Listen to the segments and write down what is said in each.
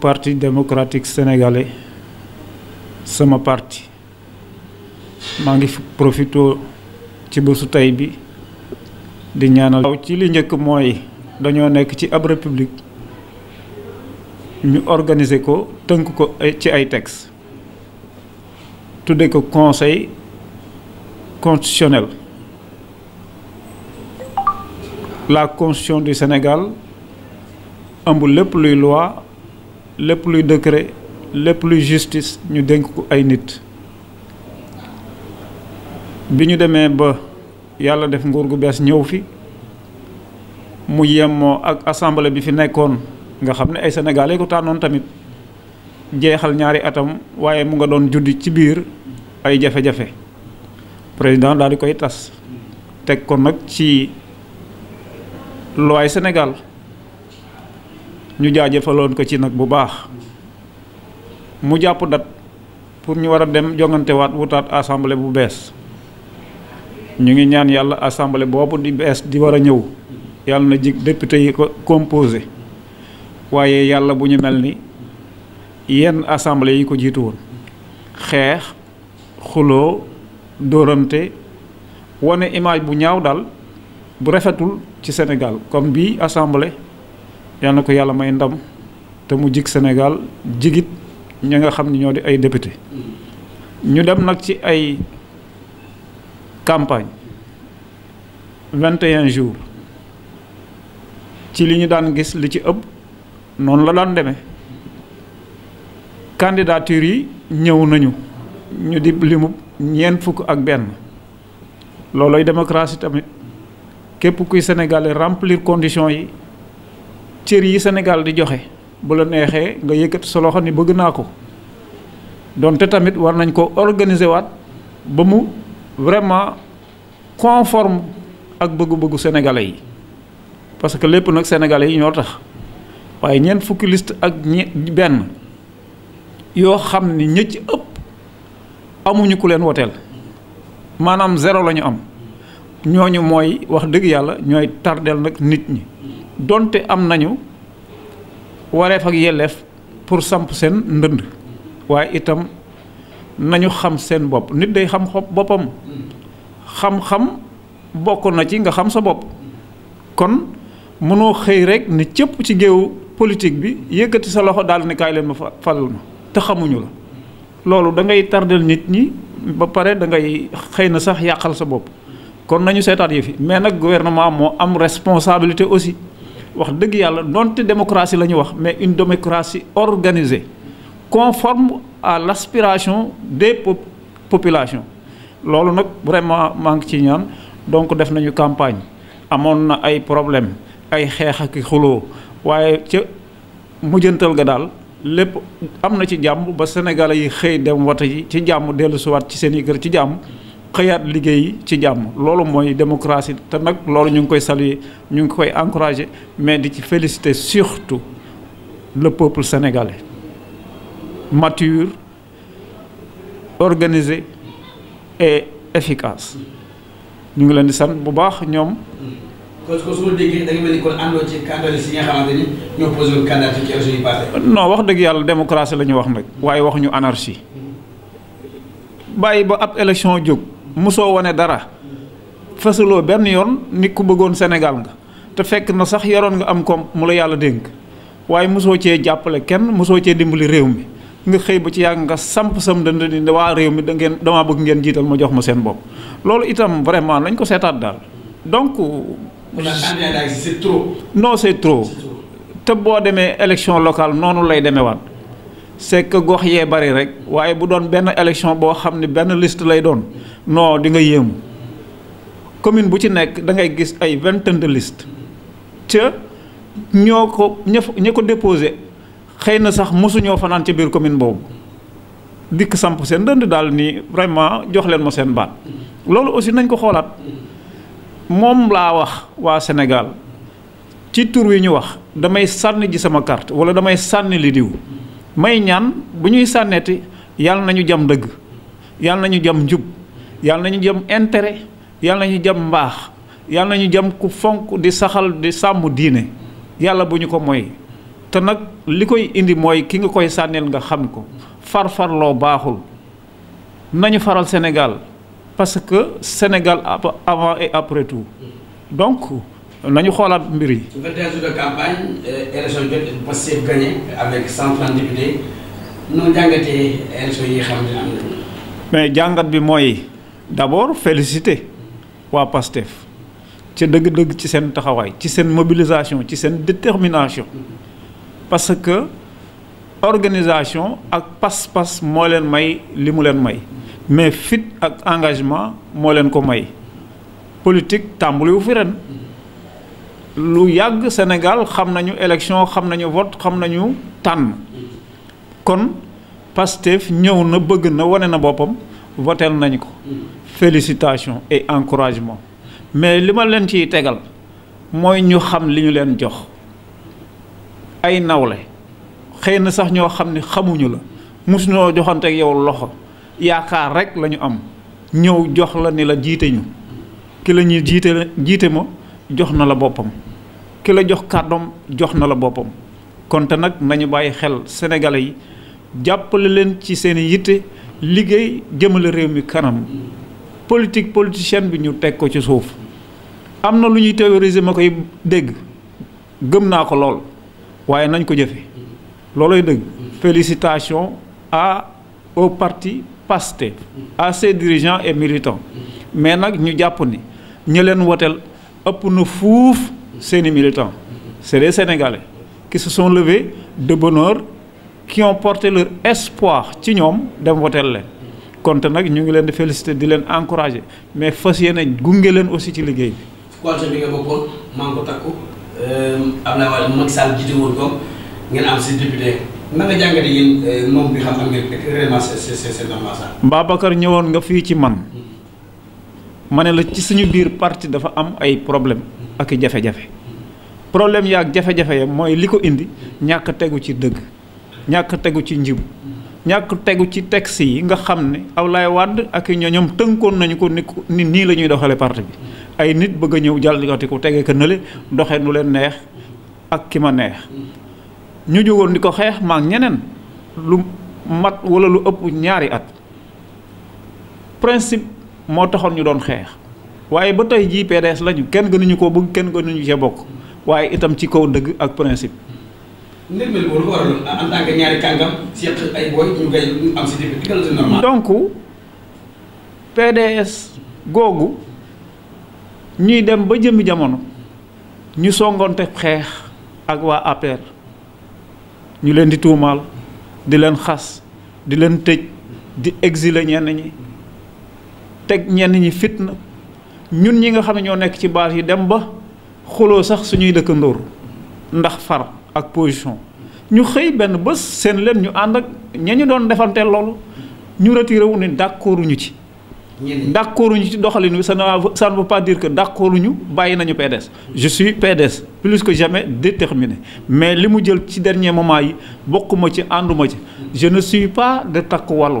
parti démocratique sénégalais sama parti maa ngi profito ci bésu tey bi di ñaanal. waaw ci li njëkk mooy dañoo nekk ci ab république ñu organiser ko tënk ko ci ay tex tudde ko conseil constitutionnel la constition du Sénégal ëmb lépp luy loi. lépp luy décret lépp luy justice ñu dénk ko ay nit bi ñu demee ba yàlla def nguur gu bees ñëw fi mu yemmoo ak assemblée bi fi nekkoon nga xam ne ay sénégalais ko tànnoon tamit jeexal ñaari atam waaye mu nga doon juddi ci biir ay jafe-jafe président daal di koy tas teg ko nag ci loi Sénégal ñu jaajëfaloon ko ci nag bu baax mu jàpp dat pour ñu war a dem jongante waat wutaat assemblée bu bees ñu ngi ñaan yàlla assemblée boobu di bees di war a ñëw yàlla na jig député yi ko composé waaye yàlla bu ñu mel ni yenn assemblée yi ko jiitu woon xeex xuloo dóorante wane image bu ñaaw daal bu rafetul ci Sénégal comme bii assemblée yal na ko yàlla may ndam te mu jig Sénégal jigit ña nga xam ni ñoo di ay député ñu dem nag ci ay campagne 21 jours ci li ñu daan gis li ci ëpp noonu la daan deme candidature yi ñëw nañu ñu di limu ñeent fukk ak benn looloy démocratie tamit képp kuy sénégalais remplir conditions yi cër yi Sénégal di joxe bu la neexee nga yëkkati sa loxo ni bëgg naa ko te tamit war nañ ko organiser waat ba mu vraiment conforme ak bëggu-bëggu sénégalais yi parce que lépp nag sénégalais yi ñoo tax waaye ñeent fukki list ak ñi benn yoo xam ni ñi ëpp amuñu ku leen woteel maanaam zéro la ñu am ñooñu mooy wax dëgg yàlla ñooy tardeel nag nit ñi donte am nañu wareef ak yelleef pour samp seen ndënd waaye itam nañu xam seen bopp nit day xam boppam xam-xam bokk na ci nga xam sa bopp kon mënoo xëy rek ne cëpp ci géew politique bi yëkkati sa loxo daal ne kaay leen ma falal ma te xamuñu la loolu da ngay tardel nit ñi ba pare dangay xëy na sax yàqal sa bopp kon nañu seetaat yëf yi mais nag gouvernement moo am responsabilité aussi wax dëgg yàlla donte démocratie la ñu wax mais une démocratie organisée conforme à l' aspiration des pop population loolu nag vraiment maa ngi ci ñaan donc def nañu campagne amoon na ay problème ay xeex ak xuloo waaye ca mujjantal nga daal lépp am na ci jàmm ba sénégalais yi xëy dem wata yi ci jàmm dellusiwaat ci seen yi kër ci jàmm xëyaat liggéey ci jàmm loolu mooy démocratie te nag loolu ñu ngi koy saluer ñu ngi koy encourager mais di ci féliciter surtout le peuple sénégalais mature organisé et efficace ñu ngi leen di sant bu baax ñoom. kon kon su ma déggee da mel ni kon àndoo ci kàndale si nga xamante ñoo posé woon candidat ci élection yi passé. non wax dëgg yàlla démocratie la ñu wax nag. waaye wax ñu anarchie. bàyyi ba ab élection jóg. mosoo wane dara fasaloo benn yoon nit ku bëggoon Sénégal nga te fekk na sax yaroon nga am koom mu la yàlla dénk waaye mosoo cee jàppale kenn mosoo cee dimbali réew mi nga xëy ba ci yàgg nga samp sam dënd ni waa réew mi da damaa bëgg ngeen jiital ma jox ma seen bopp loolu itam vraiment lañ ko seetaat daal donc. c'est te boo demee élection locale noonu lay demewaat c'est que gox yee bari rek waaye bu doon benn élection boo xam ne benn liste lay doon non di nga yéemu commune bu ci nekk da ngay gis ay vingtaine de liste ca ñoo ko ña ko déposé xëy na sax mosuñoo fanaan ci biir commune boobu dikk samp seen dënd daal nii vraiment joxleen ma seen baat loolu aussi nañ ko xoolaat moom laa wax waa Sénégal ci tur wi ñu wax damay sànni ji sama carte wala damay sànni li diw may ñaan bu ñuy sànneti yàlla nañu jam dëgg na ñu jam njub yàlla nañu jam yal na ñu jam mbaax yàlla nañu jam ku fonk di saxal di sàmm diine yàlla bu ñu ko moy te nag li koy indi mooy ki nga koy sànneel nga xam ko farfarloo baaxul nañu faral Sénégal parce que Sénégal avant et après tout donc nañu xoolaat mbir yi. su fekkee de campagne euh, élection jot Pastef jàngatee élection yi xam ne am nañu mais jàngat bi mooy d'abord félicité waa Pastef ca dëgg-dëgg ci seen taxawaay ci seen mobilisation ci seen détermination parce que organisation ak pas-pas moo leen may li mu leen may mais fit ak engagement moo leen ko may politique tàmbaliwu fi ren. lu yàgg senegal xam nañu élection xam nañu vote xam nañu tànn kon Pastef ñëw na bëgg na wane na boppam votel nañ ko félicitations et encouragement mais li ma leen ciy tegal mooy ñu xam li ñu leen jox ay nawle xëy na sax ñoo xam ni xamuñu la mosuñoo joxante yow loxo yaakaar rek la ñu am ñëw jox la ni la jiite ñu ki la ñuy jiite jiite ma jox na la boppam ki la jox kàddoom jox na la boppam konte nag nañu bàyyi xel sénégalais yi jàppale leen ci seen yitte liggéey jëmale réew mi kanam politique politicienne bi ñu teg ko ci suuf am na lu ñuy théoriser ma koy dégg gëm naa ko lool waaye nañ ko jëfe looloy dëgg félicitations à au parti Pastef à ses dirigeants et militants mais nag ñu jàpp ni ñu leen woteel ëpp na fuuf seeni militants c'est des Sénégalais qui se sont levés de bonne heure qui ont porté leur espoir ci ñoom dem woteel leen konte nag ñu ngi leen di féliciter di leen encourager mais fas yéene gunge leen aussi ci liggéey bi. coalition bi nga bokkoon maa ko takku euh, Abdoulaye Wade Macky Sall jiite woon ko ngeen am si député nan nga jàngatee euh, moom bi xam-xam ngeen réellement c'est c'est c'est normal ça. Babacar ñëwoon nga fii ci man. ma ne la ci suñu biir parti dafa am ay problème ak i jafe-jafe problème yaa jafe-jafe ya mooy li ko indi ñàkk tegu ci dëgg ñàkk tegu ci njibu ñàkk tegu ci texte yi nga xam ne aw Ablaye Wade ak ñoñom tënkoon nañu ko ni ni nii la ñuy doxale parti bi ay nit bëgg a ñëw jàllgati ko tege ko nële doxee nu leen neex ak ki ma neex ñu jógoon di ko xeex maa ñeneen lu mat wala lu ëpp ñaari at principe moo taxoon ñu doon xeex waaye ba tey jii PDS lañu kenn gënuñu koo bëgg kenn gënuñu cee bokk waaye itam ci kaw dëgg ak principe. ndembali boobu lu PDS googu ñuy dem ba jëmmi jamono ñu songoonte xeex ak waa APR ñu leen di tuumaal di leen xas di leen tëj di exiler ñenn ñi. teg ñenn ñi fitna ñun ñi nga xam ne ñoo nekk ci base yi dem ba xuloo sax suñuy dëkkandoor ndax far ak position ñu xëy benn bés seen lem ñu ànd ak ña ñu doon defanteel loolu ñu retiré wu ne d'accorduñu ci. d'accorduñu ci doxalin wi ça ne veut pas dire que d'accorduñu bàyyi nañu PDS. je suis PDS plus que jamais déterminé mais li mu jël ci dernier moment yi bokkuma ci ànduma ci je ne suis pas de takk wàllu.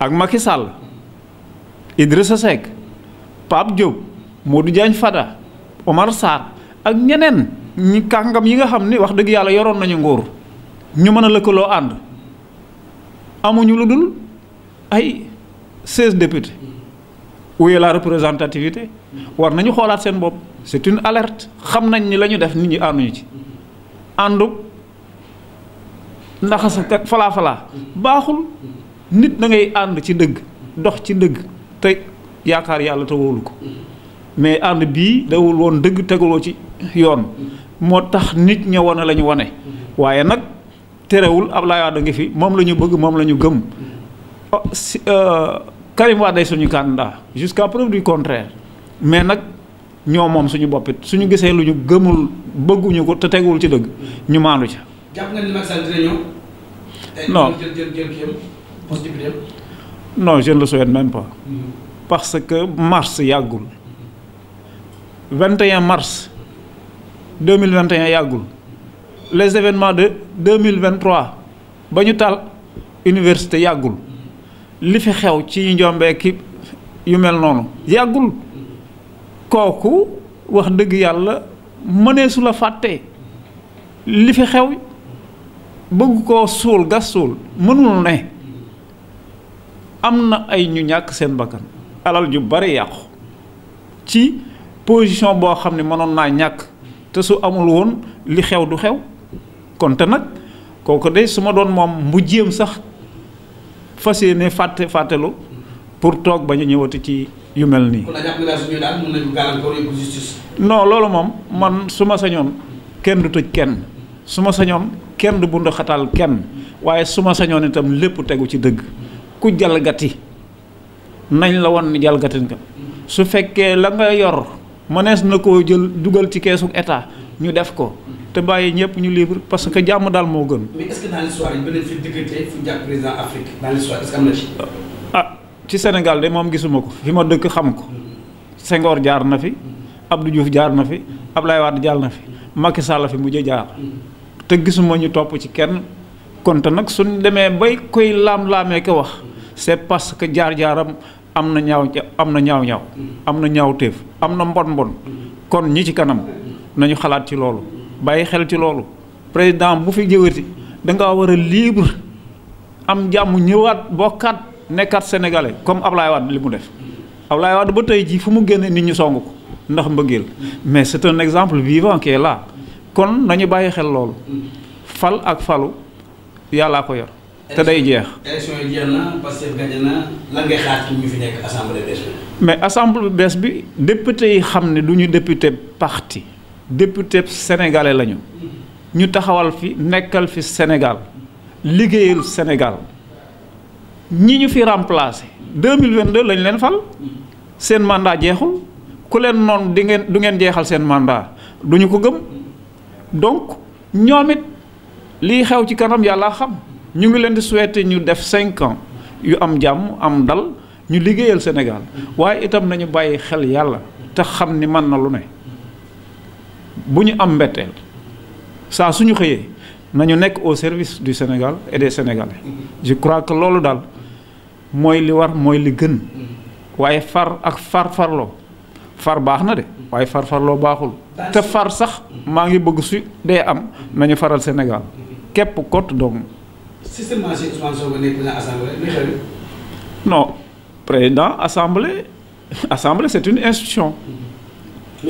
ak Macky Sall Idrissa Seck Pape moo Modou Diagne Fada Omar Sarr ak ñeneen ñi kàngam yi nga xam ni wax dëgg yàlla yoroon nañu nguur ñu mën a lëkkaloo ànd amuñu lu dul ay seize députés wuye la représentativité war nañu xoolaat seen bopp c'est une alerte xam nañ ni la def nit ñi ànduñu ci àndu ndax sa falaa falaa baaxul nit da ngay ànd ci dëgg dox ci dëgg te yaakaar yàlla te wóolu ko mais ànd bii dawul woon dëgg tegaloo ci yoon moo tax nit ña wane la ñu wane waaye nag terewul Ablaye Wade ngi fi moom la ñu bëgg moom la ñu gëm oh, euh, Karim Wade day suñu candidat jusqu'à preuve du contraire mais nag ñoo moom suñu boppit suñu gisee lu ñu gëmul bëgguñu ko te teguwul ci dëgg ñu maandu ca. poste député le souhaite même pas. Mm-hmm. parce que mars yàggul. 21 mm-hmm. mars 2021 yàggul les événements de 2023 ba ñu taal université yàggul mm-hmm. li fi xew ci njombee yu mel noonu yàggul kooku wax dëgg yàlla mëneesu la fàtte li fi xew bëgg koo suul gas suul mënul ne am na ay ñu ñàkk seen bakkan alal ju bari yàqu ci position boo xam ne mënoon naa ñàkk te su amul woon li xew du xew kon te nag kooku de su ma doon moom mu jéem sax fas ne fàtte fàttelu pour toog ba ñu ñëwati ci yu mel nii. non loolu moom man su ma sañoon kenn du tëj kenn su ma sañoon kenn du bundu kenn waaye su ma sañoon itam lépp tegu ci dëgg. ku jalgati nañ la wan ni jalgati nga su fekkee la nga yor mënees na koo jël dugal ci keesu état ñu def ko te bàyyi ñëpp ñu libre parce que jàmm daal moo gën. mais ah ci Sénégal de moom gisuma ko fi ma dëkk xam ko Senghor jaar na fi Abdou Diouf jaar na fi Abdoulaye Wade jaar na fi Macky Sall fi mujj jaar te gisuma ñu topp ci kenn kon nag suñ demee bay koy laam-laamee ko wax. c'est parce que jaar-jaaram am na ñaaw am na ñaaw ñaaw am na ñaaw téef am na mbon mbon kon ñi ci kanam nañu xalaat ci loolu bàyyi xel ci loolu président bu fi jëwati da ngaa war a libre am jàmm ñëwaat bokkaat nekkaat sénégalais comme Ablaye Wade li mu def Ablaye Wade ba tey jii fu mu génne nit ñu song ko ndax mbëggeel mais c'est un exemple vivant qui est kon nañu bàyyi xel loolu fal ak falu yàllaa ko yor te day jeex. élection yi jeex na Pastef gañe na bees bi. mais assemblée bees bi député yi xam ne du ñu paxti parti député sénégalais lañu ñu taxawal fi nekkal fi senegal liggéeyal senegal ñi ñu fi remplacer 2022 lañ leen fal seen mandat jeexul ku leen noonu di ngeen du ngeen jeexal seen mandat du ñu ko gëm donc ñoom it liy xew ci kanam yàlla xam. ñu ngi leen di souhaiter ñu def cinq ans yu am jàmm am dal ñu liggéeyal Sénégal waaye itam nañu bàyyi xel yàlla te xam ni man na lu ne bu ñu am mbetteel saa suñu xëyee nañu nekk au service du Sénégal et des Sénégalais je crois que loolu daal mooy li war mooy li gën waaye far ak far farloo far baax na de waaye far farloo baaxul te far sax maa ngi bëgg su dee am nañu faral Sénégal képp kot dong système si Ousmane Sonko président assemblée lu xew non assemblée c'est une institution.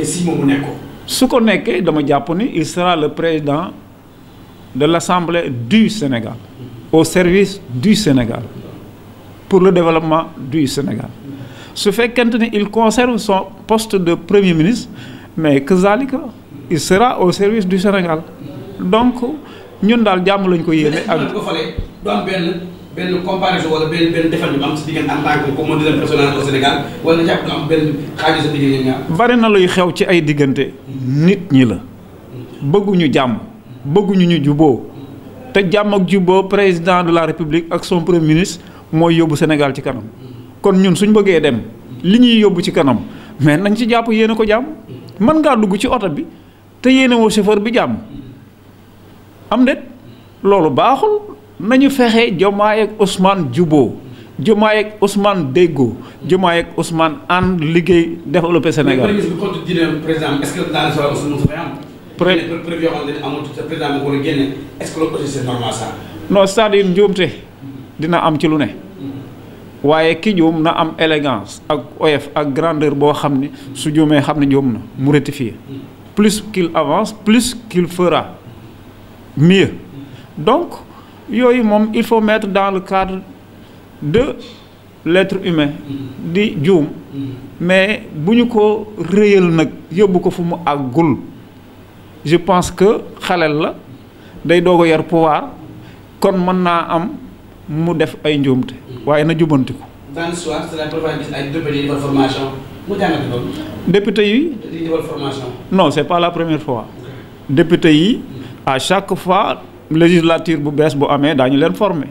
si moom mu su ko nekkee dama jàpp ni il sera le président de l'assemblée du Sénégal. au service du Sénégal. pour le développement du Sénégal. su fekkente ni il conserve son poste de premier ministre mais que zalika il sera au service du Sénégal donc. ñun daal jàmm lañ ko yéene ak ko na luy xew ci ay diggante nit ñi la bëgguñu jàmm bëgguñu ñu juboo te jàmm ak juboo président de la république ak son premier ministre mooy yóbbu Sénégal ci kanam kon ñun suñ bëggee dem li ñuy yóbbu ci kanam mais nañ ci jàpp yéene ko jàmm mën ngaa dugg ci oto bi te yéene woo bi jàmm am net loolu baaxul nañu fexe Diomaye ak Ousmane juboo Diomaye ak Ousmane déggoo Diomaye ak Ousmane ànd liggéey développé Sénégal. mais président est-ce dina am ci lu ne. waaye ki juum na am élégance ak oyof ak grandeur boo xam ni su juumee xam ne juum na mu plus qu'il avance plus qu'il fera. mieux donc yooyu moom il faut mettre dans le cadre de l'être humain di juum mais bu ñu ko réyal nag yóbbu ko fu mu àggul je pense que xalel la day doog a yar pouvoir kon mën naa am mu def ay njuumte waaye na jubantiku dans le soir c'est la député yi defal c'est pas la première fois député yi à chaque fois législature bu bees bu amee daañu leen former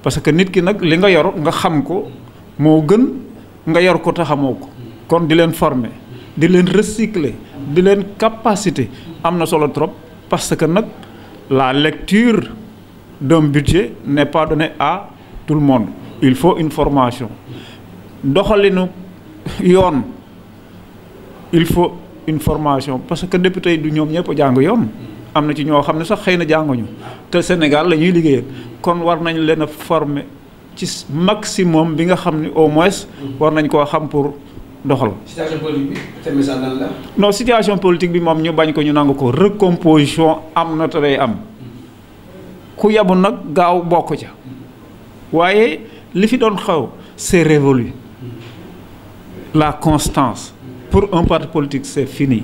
parce que nit ki nag li nga yor nga xam ko moo gën nga yor ko te xamoo ko kon di leen former di leen recycler di leen capacité am na solo trop parce que nag la lecture d'un budget ne pas donnée à tout le monde il faut une formation doxalinu yoon il faut une formation parce que député yi du ñoom ñëpp jàng yoon am na ci ñoo xam ne sax xëy na jànguñu te Sénégal la ñuy liggéeyal kon war nañ leen a former ci maximum bi nga xam ne au moins. war nañ koo xam pour doxal. situation politique bi situation politique bi moom ñu bañ ko ñu nangu ko recomposition am na te day am ku yabu nag gaaw bokk ca waaye li fi doon xew c'est révolu la constance pour un parti politique c'est fini.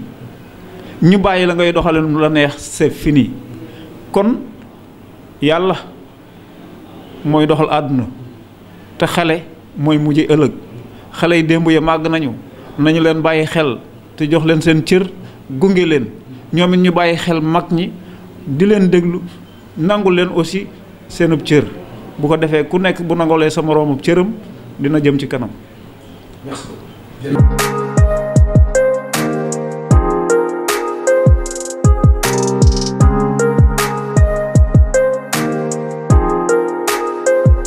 ñu bàyyi la ngay doxale nu la neex sef c'est fini kon yàlla mooy doxal àdduna te xale mooy mujje ëllëg xale yi démb ya màgg nañu nañu leen bàyyi xel te jox leen seen cër gunge leen ñoom it ñu bàyyi xel mag ñi di leen déglu nangu leen aussi seenub cër bu ko defee ku nekk bu nangolee sa moroomub cëram dina jëm ci kanam.